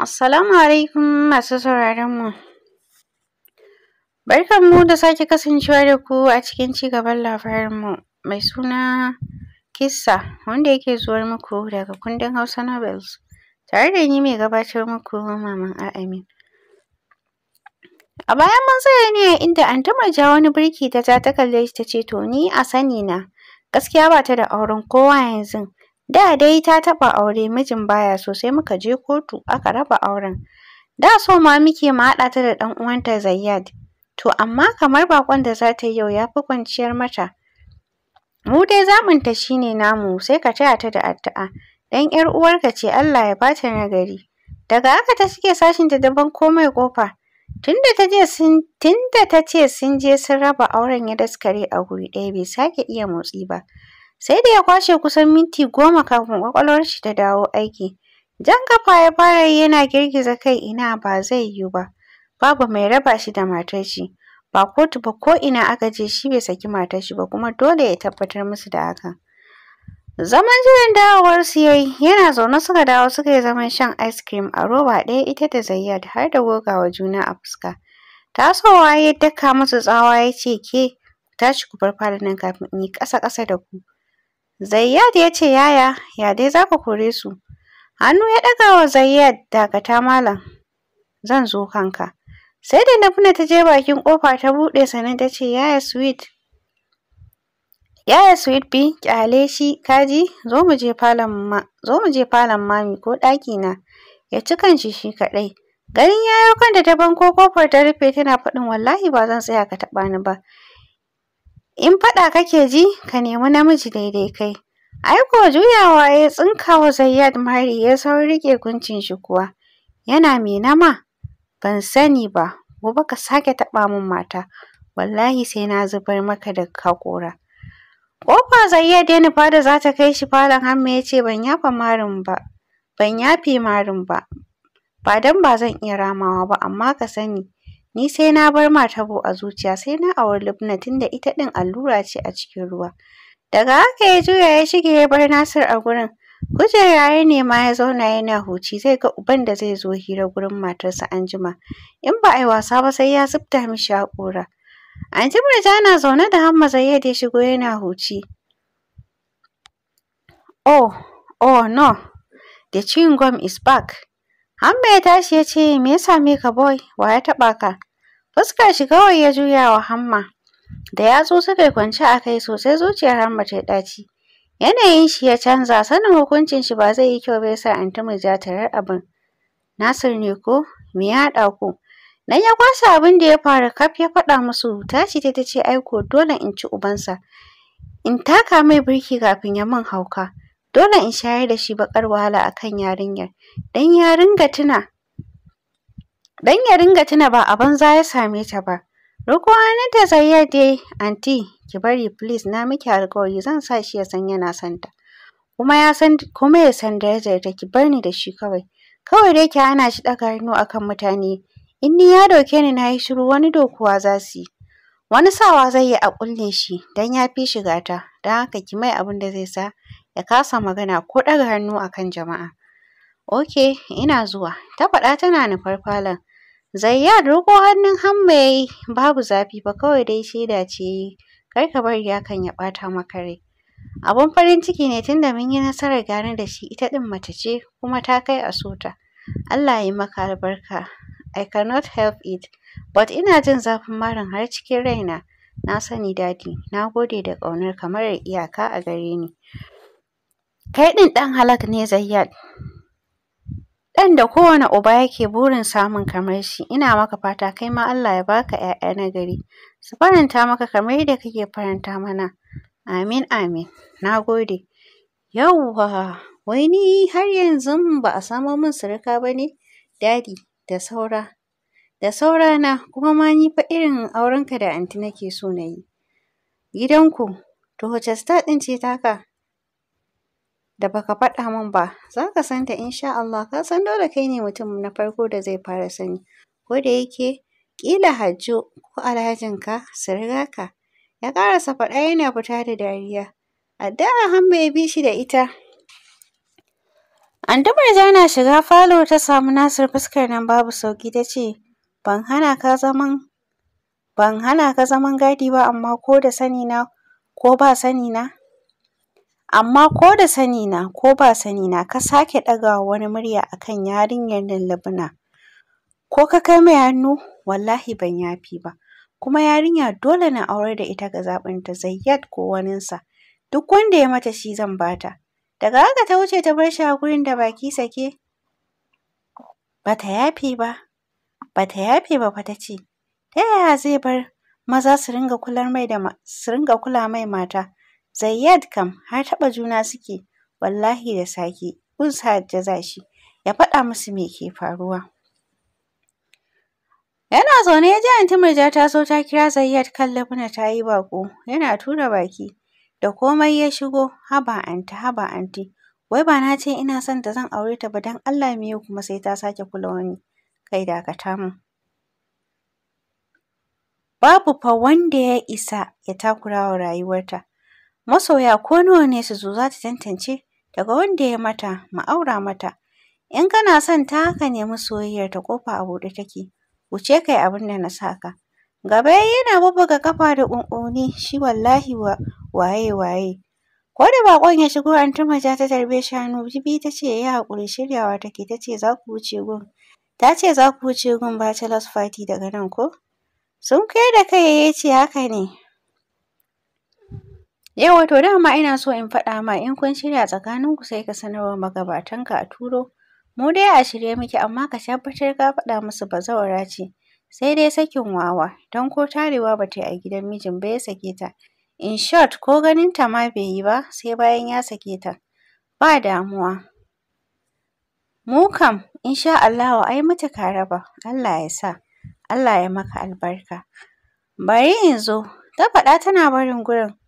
Assalamu alaikum masu sauraron mu. Barkan mu da sake kasancewa da ku a cikin cigaban labarin mu mai suna kissa wanda yake zuwar muku daga kundin Hausa Novels tare da ni mai gabatar muku Maman A'amin. A bayan mun tsaya ne inda tuma ja wani birki ta ta kalle shi ta ce to ni a sani na gaskiya ba ta da auren kowa yanzu Da dai ta taɓa aure mijin baya sosai muka je kotu aka raba auren. Da so ma muke mu haɗa ta da ɗan uwanta Zayyad. To amma kamar baƙon da za ta yi yau ya fi kwanciyar mata. Mu dai zamunta shi ne namu sai ka taya ta da addu'a. Dan ‘yar uwarka ce Allah ya bata nagari. Daga haka ta shige sashinta daban komai ƙofa. Tunda ta je sun tunda ta ce sun je sun raba auren ya daskare a guri ɗaya bai sake iya motsi ba. Sai da ya kwashe kusan minti goma kafin ƙwaƙwalwar shi ta dawo aiki. Jan kafa ya fara yi yana girgiza kai ina ba zai yiwu ba. Babu mai raba shi da matar shi. Ba kotu ba ko ina aka je shi bai saki matar shi ba kuma dole ya tabbatar musu da hakan. Zaman jiran dawowar su yayi yana zaune suka dawo suka yi zaman shan ice cream a roba ɗaya ita da Zayyad har da gogawa juna a fuska. Tasowa ya daka musu tsawa ya ce ke ku tashi ku bar nan kafin in yi ƙasa ƙasa da ku. Zayyad ya ce yaya, ya dai za ka kore su? Hannu ya ɗaga wa Zayyad dakata malam, zan zo kanka. Sai da Nafna ta je bakin kofa ta buɗe sannan ta ce yaya sweet. Yaya sweet bi ƙyale shi kaji zo mu je falon ma zo mu je falon mami ko ɗaki na. ya ci kanshi shi kaɗai. Ganin yayo kanta ta banko ƙofar ta rufe tana faɗin wallahi ba zan tsaya ka taɓa ni ba. in faɗa kake ji ka nemi namiji daidai kai ai ko juyawa ya tsinka wa zayyad mari ya saurin riƙe kuncin shi kuwa yana mai nama ban sani ba gobe ka sake taɓa min mata wallahi sai na zubar maka da haƙora ƙofa zayyad ya nufa da za ta kai shi falon hamma ya ce ban yafa marin ba ban yafe marin ba ba don ba zan iya ramawa ba amma ka sani Ni sai na bar ma tabo a zuciya sai na auri Lubna da ita ɗin allura ce a cikin ruwa. Daga haka ya juya ya shige ya bar Nasir a gurin. Kujera ya ma ya zauna yana huci zai ga uban da zai zo hira gurin matarsa anjima. In ba a yi wasa ba sai ya zubta mishi haƙora. anjima Murja na zaune da Hamma Zayyad ya shigo yana huci. Oh, oh no, the chewing gum is back. Hamba ya tashi ya ce, Me ya same ka boy? Wa ya taɓa ka? Fuskar shi kawai ya juya wa Hamma. Da yatsu suka kwance a kai sosai zuciyar Hamma ta ɗaci. Yanayin shi ya canza, sanin hukuncin shi ba zai yi kyau bai sa Anti Murja tarar abin. Nasir ne ko? Me ya haɗa ku? Nan ya kwasa abin da ya fara kaf ya faɗa musu, tashi ta ta ce aiko dole in ci ubansa. In taka mai birki kafin ya min hauka. dole in shayar da shi bakar wahala akan yarinyar dan ya ringa tuna dan ya ringa tuna ba a banza ya same ta ba rukuwanin ta zayyar dai anti ki bari please na miki alƙawari, zan sa shi ya san yana son kuma ya san kuma ya san darajar ta ki bar ni da shi kawai kawai dai ki hana shi daga hannu akan mutane in ni ya doke ni na yi shiru wani dokuwa za su yi wani sawa zai yi a kulle shi dan ya fi shiga ta don haka ki mai abin da zai sa ya kasa magana ko ɗaga hannu a kan jama'a. Ok, ina zuwa, ta faɗa tana nufar falon. Zayyad roƙo hannun Hamma babu zafi ba kawai dai shaida ce ya yi, kar ka bari kan ya ɓata maka rai. Abun farin ciki ne tunda mun yi nasarar gane da shi ita ɗin mace ce kuma ta kai asuta. Allah ya yi maka albarka. I cannot help it, but ina jin zafin marin har cikin raina. Na sani dadi, na gode da ƙaunar kamar iyaka a gare ni. Kai ɗin ɗan halak ne Zayyad. Ɗan da kowane uba yake burin samun kamar shi, ina maka fata kai ma Allah ya baka ‘ya'ya na gari, su faranta maka kamar yadda kake faranta mana. Amin amin, na gode. Yawwa, wai ni har yanzu ba a samo min suruka ba ne? Dadi, da saura. Da saura na, kuma ma ni fa irin aurenka da anti nake so na yi. Gidanku, to hoce ta ɗin ce taka? da baka faɗa min ba za ka san ta insha Allah ka san dole kai ne mutum na farko da zai fara sani ko da yake kila Hajjo ko ka su riga ka ya karasa faɗa yana fita da dariya addu'a han ya bi shi da ita Anti na shiga falo ta samu Nasir fuskar nan babu sauƙi ta ce ban hana ka zaman ban hana ka zaman gadi ba amma ko da sani na ko ba sani na amma ko da sani na ko ba sani na ka sake ɗagawa wani murya a kan yarinyar nan labuna. ko ka kai mai hannu wallahi ban yafi ba kuma yarinya dole na aure da ita ga zaɓin ta Zayyad ko waninsa duk wanda ya mata shi zan bata daga haka ta wuce ta bar shi a gurin da baki sake bata yafi ba bata yafi ba fa ce. ta yaya zai bar maza su su ringa kula mai mata Zayyad kam har taɓa juna suke, wallahi da sake kun sa ya za shi, ya faɗa musu me ke faruwa. Yana zaune ya ji Anti Murja ta so, ta kira Zayyad kan labuna ta yi baƙo, yana tura baki. Da komai ya shigo, haba anti, haba anti. Wai ba na ce ina son ta zan aure ta ba don Allah me kuma sai ta sake kula wani. Kai dakata tamu. Babu fa wanda ya isa ya takura wa rayuwarta. masoya ko nawa ne su zo za ta tantance daga wanda ya mata ma'aura aura mata in kana son ta ka nemi soyayyar ta kofa a buɗe take wuce kai abin da na saka gaba yana bubbuga kafa da ƙunƙuni shi wallahi waye waye ko da baƙon ya shigo tuma ja ta tarbe shanu bibi ta ce ya haƙuri shiryawa take ta ce za ku wuce gun ta ce za ku wuce gun daga nan ko sun kai da kai ya ce haka ne Yau wato dama ina so in faɗa ma in kun shirya tsakaninku sai ka sanarwa magabatanka a turo. Mu dai a shirye muke amma ka tabbatar ka faɗa musu bazawara ce. Sai dai sakin wawa don ko tarewa ba ta yi a gidan mijin ba ya sake ta. In short ko ganin ta ma bai yi ba sai bayan ya sake ta. Ba damuwa. Mu kam in sha Allahu ai mata ka raba. Allah ya sa. Allah ya maka albarka. Bari in zo. Ta faɗa tana barin gurin.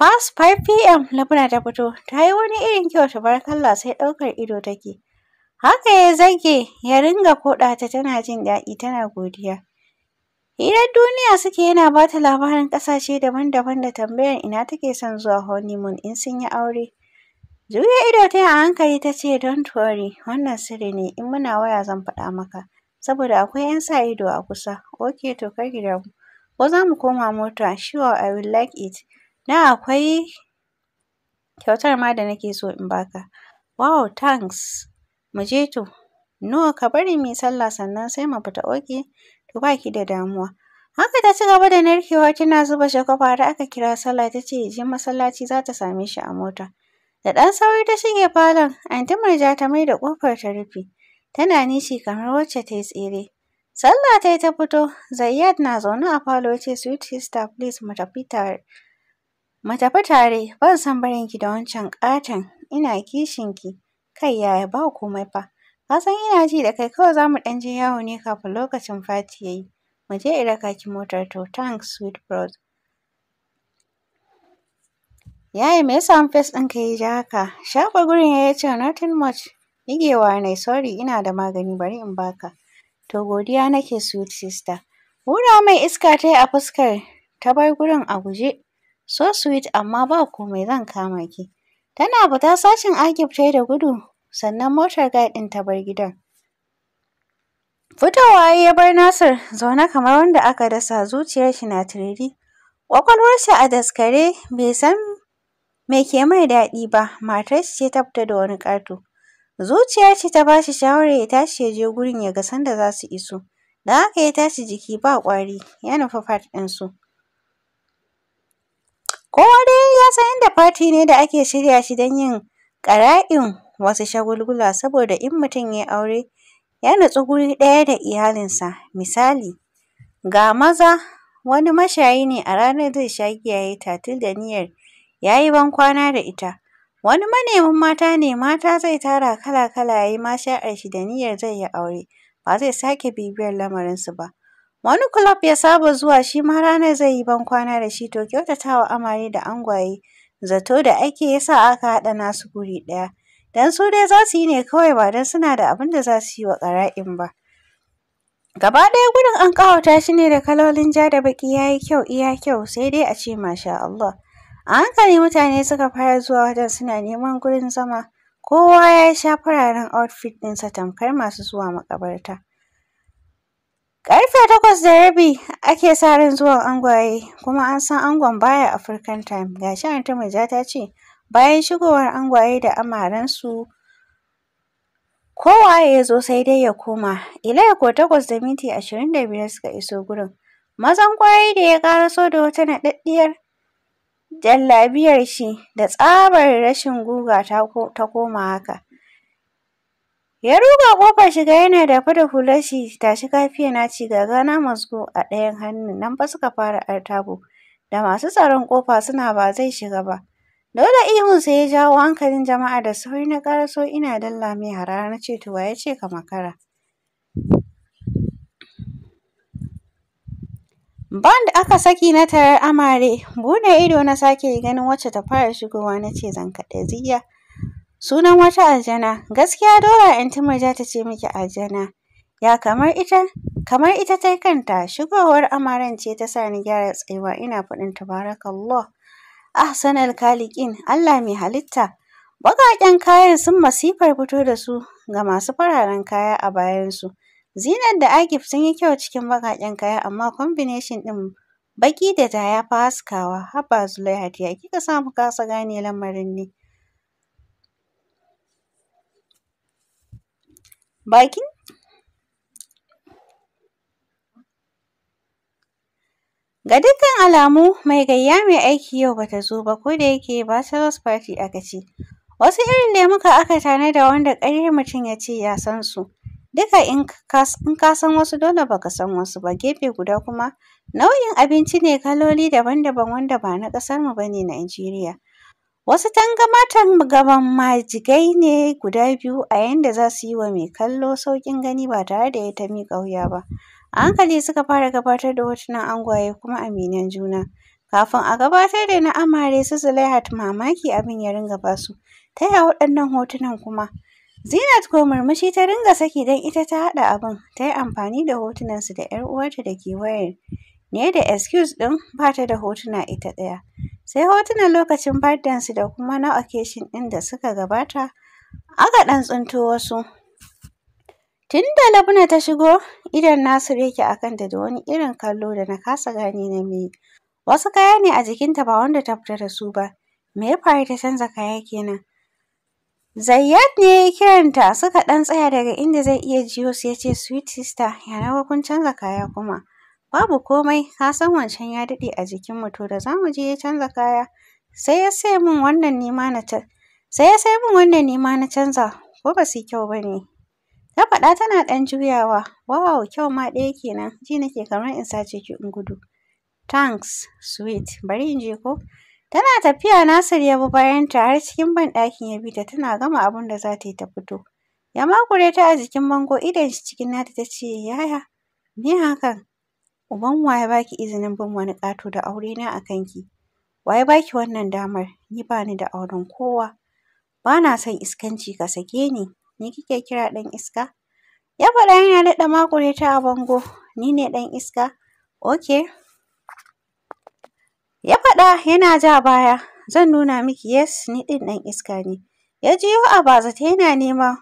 Fast 5 pm labuna ta fito, ta yi wani irin kyau ta tabarkalla sai ɗaukar ido take. Haka ya zage ya ringa koɗa ta tana jin daɗi tana godiya. Hirar duniya suke yana ba ta labarin ƙasashe daban-daban da tambayar ina take son zuwa honeymoon in sun yi aure. Juya ido ta yi a hankali ta ce don tuwari, wannan sirri ne in muna waya zan faɗa maka saboda akwai 'yan sa ido a kusa. Ok to kar gidan mu, ko za mu koma mota sure I will like it. Na akwai kyautar ma da nake so in baka. Wow thanks! Mu je to. No ka bari mu yi sallah sannan sai mu fita oke? To ba ki da damuwa. Haka ta ci gaba da narkewa tana zuba shekwafa, har aka kira sallah ta ce ya je masallaci za ta same shi a mota. Da ɗan sauri ta shige falon, Anti Murja ta maida ƙofar ta rufe. Tana nishi kamar wacce ta yi tsere. Sallah ta yi ta fito, Zayyad na zaune a falo ya ce sweet sister please mu tafi tare. Mu tafi tare, ban san barinki da wancan ƙaton, ina kishinki. Kai yaya ba komai fa, ka san ina ji da kai kawai za mu ɗan je yawo ne kafin lokacin fati ya yi. Mu je in motar to, thanks sweet bros. Yaya me ya fes face ɗinka ya yi ja haka? Shafa gurin ya yi ya ce nothing much. Ɗigewa ne, sorry ina da magani bari in ba ka. To godiya nake sweet sister. Hura mai iska ta yi a fuskar ta bar gurin a guje. So sweet amma ba komai zan kama ki. Tana bata sashin Agib da gudu, sannan motar guide ta bar gidan. Fitowa ya bar Nasir zaune kamar wanda aka dasa zuciyar shi na tiriri. shi a daskare bai san me ke mai daɗi ba, matar ce ta fita da wani ƙato. Zuciyar shi ta bashi shawarar ya tashi ya je gurin ya ga sanda za su iso. Da haka ya tashi jiki ba ƙwari ya nufi fat ɗin su. Kowa dai ya san inda fati ne da ake shirya shi don yin ƙara'in wasu shagulgula saboda in mutum ya aure ya natsu guri ɗaya da iyalinsa. Misali, ga maza wani mashayi ne a ranar zai sha giya ya yi tatil da niyyar ya yi bankwana da ita. Wani manemin mata ne mata zai tara kala-kala ya yi masha'ar shi da niyyar zai yi aure ba zai sake bibiyar lamarinsu ba. Wani kulob ya saba zuwa shi ma ranar zai yi ban kwana da shi to kyautata wa amare da angwaye zato da ake ya sa aka haɗa nasu guri ɗaya. Don su dai za su yi ne kawai ba don suna da abin da za su yi wa ƙara'in ba. Gaba ɗaya gurin an ƙawata shi ne da kalolin ja da baƙi ya yi kyau iya kyau sai dai a ce masha Allah. A hankali mutane suka fara zuwa wajen suna neman gurin zama. Kowa ya sha fararen outfit ɗinsa tamkar masu zuwa makabarta. Ƙarfe takwas da rabi ake sa ran zuwan angwaye kuma an san angon baya African time. Ga shi Anti ta ce bayan shigowar angwaye da amaransu kowa ya zo sai dai ya koma. ya ko takwas da minti ashirin da biyar suka iso gurin. Mazan kwaye da ya so da wata naɗaɗɗiyar jallabiyar shi da tsabar rashin guga ta koma haka. Ya ruga ƙofar shiga yana dafa da hular shi tashi kafiya na ci gana masu a ɗayan hannun nan ba suka fara artabo da masu tsaron ƙofa suna ba zai shiga ba. Dole ihun sai ya jawo hankalin jama'a da sauri na ƙaraso ina dalla mai harara na ce to ya ce ka makara. Band aka saki na tarar amare, buɗe ido na sake ganin wacce ta fara shigowa na ce zan kaɗe ziya. Sunan wata aljana. Gaskiya Dora ‘yanti Murja ta ce miki aljana. Ya kamar ita? Kamar ita ta kanta. Shigowar amaran ce ta sa ni gyara tsayuwa ina faɗin tabarakallah. Ahsanal khaliqin Allah mai halitta. bagaken kayan sun masifar fito da su ga masu fararen kaya a bayan su. Zinar da Agif sun yi kyau cikin bagaken kaya amma combination ɗin baƙi da ta ya faskawa haskawa. Haba Zulaihat ya kika samu kasa gane lamarin ne? bakin ga dukkan alamu mai gayya mai aiki yau ba ta zo ba ko da yake bachelor's party aka ce wasu irin lemuka aka tanada wanda ƙaryar mutum ya ce ya san su duka in ka san wasu dole baka san wasu ba gefe guda kuma nau'in abinci ne kaloli daban-daban wanda ba na ƙasar mu ne Najeriya Wasu tangamatan gaban majigai ne guda biyu a yanda za su yi wa mai kallo sauƙin gani ba tare da ya ta miƙa wuya ba. A hankali suka fara gabatar da hotunan angwaye kuma aminan juna. Kafin a gabatar da na amare su Zulaihat mamaki abin ya ringa ba su. Ta yaya waɗannan hotunan kuma? Zinat ko murmushi ta ringa saki don ita ta haɗa abin. Ta yi amfani da hotunansu da ‘yar uwarta da ke wayar. Ne da excuse ɗin ba ta da hotuna ita ɗaya. sai hotunan lokacin birthdaynsu da kuma na occasion ɗin da suka gabata aka ɗan tsinto wasu tun da labna ta shigo idon Nasir yake a kanta da wani irin kallo da na kasa gane na me wasu kaya ne a jikinta ba wanda ta fita da su ba me ya faru ta canza kaya kenan Zayyad ne ya kiranta suka ɗan tsaya daga inda zai iya jiyo su ya ce sweet sister ya naga kun canza kaya kuma Babu komai, ka san wancan ya daɗe a jikinmu to da za mu je ya canza kaya. Sai ya sai min wannan ni ma na sai ya sai min wannan ni na canza, ko ba su kyau ba ne? Ta faɗa tana ɗan juyawa, wow kyau ma ɗaya kenan, ji nake kamar in sace ki in gudu. Thanks, sweet, bari in je ko? Tana tafiya Nasir ya bi bayanta har cikin banɗakin ya bi ta tana gama abun da za ta yi ta fito. Ya makure ta a jikin bango idan shi cikin nata ta ce yaya me hakan? Uban wa ya baki izinin bin wani ƙato da aure na a kanki? Wa ya baki wannan damar? Ni ba ni da auren kowa. Ba na son iskanci ka sake ni. Ni kike kira ɗan iska? Ya faɗa yana daɗa makure a bango. Ni ne ɗan iska? Ok. Ya faɗa yana ja baya. Zan nuna miki yes ni ɗin ɗan iska ne. Ya jiyo a bazata yana neman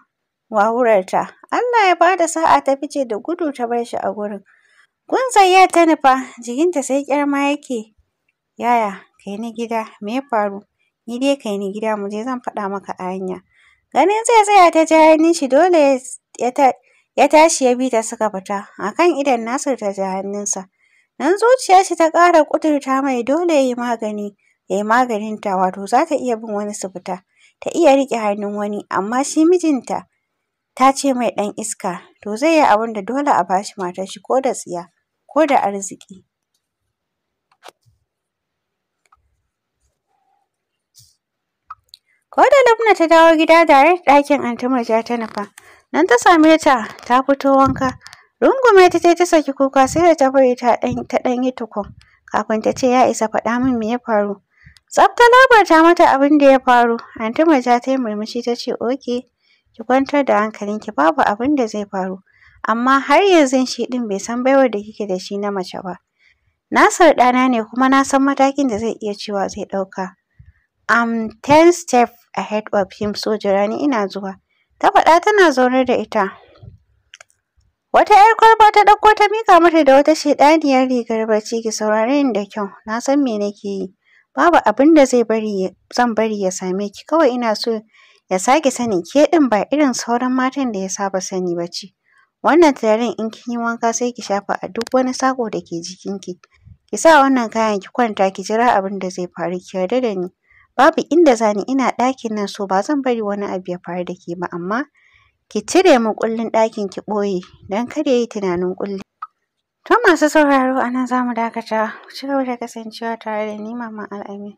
wawurarta. Allah ya ba da sa'a ta fice da gudu ta bar shi a gurin. Gunzayya ta nufa, jikinta sai ƙyarma yake. Yaya, kai ni gida, me ya faru? Ni dai kai ni gida mu je zan faɗa maka a hanya. Ganin zai tsaya ta ja hannun shi dole ya tashi ya bi ta suka fita. A kan idon Nasir ta ja hannunsa. Nan zuciyar shi ta ƙara ƙudurta mai dole ya yi magani, ya yi maganinta wato za ta iya bin wani su fita. Ta iya riƙe hannun wani amma shi mijinta ta ce mai ɗan iska to zai yi abin da dole a bashi shi matar shi ko da tsiya. ko da arziki Ko da Lubna ta dawo gida rai, ɗakin Anti Murja ta nufa, nan ta same ta ta fito wanka. Rungume ta ta saki kuka sai da ta bari ta ɗan yi tukun kafin ta ce ya isa faɗa min me ya faru. Tsaf ta mata abin da ya faru, Anti Murja ta yi murmushi ta ce oke, ki kwantar da hankalinki babu abin da zai faru. amma har yanzu shi ɗin bai san baiwar da kike da shi na mace ba. Na Nasir ɗana ne kuma na san matakin da zai iya cewa zai ɗauka. I'm ten step ahead of him soja, ni ina zuwa. Ta faɗa tana zaune da ita. Wata ‘yar kwalba ta ɗauko ta miƙa mata da wata shaiɗaniyar rigar barci ki saurare ni da kyau na san me nake yi. Babu abin da zai bari zan bari ya same ki kawai ina so ya sake sanin ke ɗin ba irin sauran matan da ya saba sani ba ce. Wannan turaren in kin yi wanka sai ki shafa a duk wani saƙo da ke jikinki. Ki sa wannan kayan ki kwanta ki jira abin da zai faru ki yarda da ni. Babu inda za ni ina ɗakin nan so ba zan bari wani abu ya faru da ke ba amma ki cire min ƙullin ɗakin ki ɓoye don kar ya yi tunanin ƙulli. To masu sauraro a nan za mu dakata. Ku ci da kasancewa tare da ni Maman Al'amin.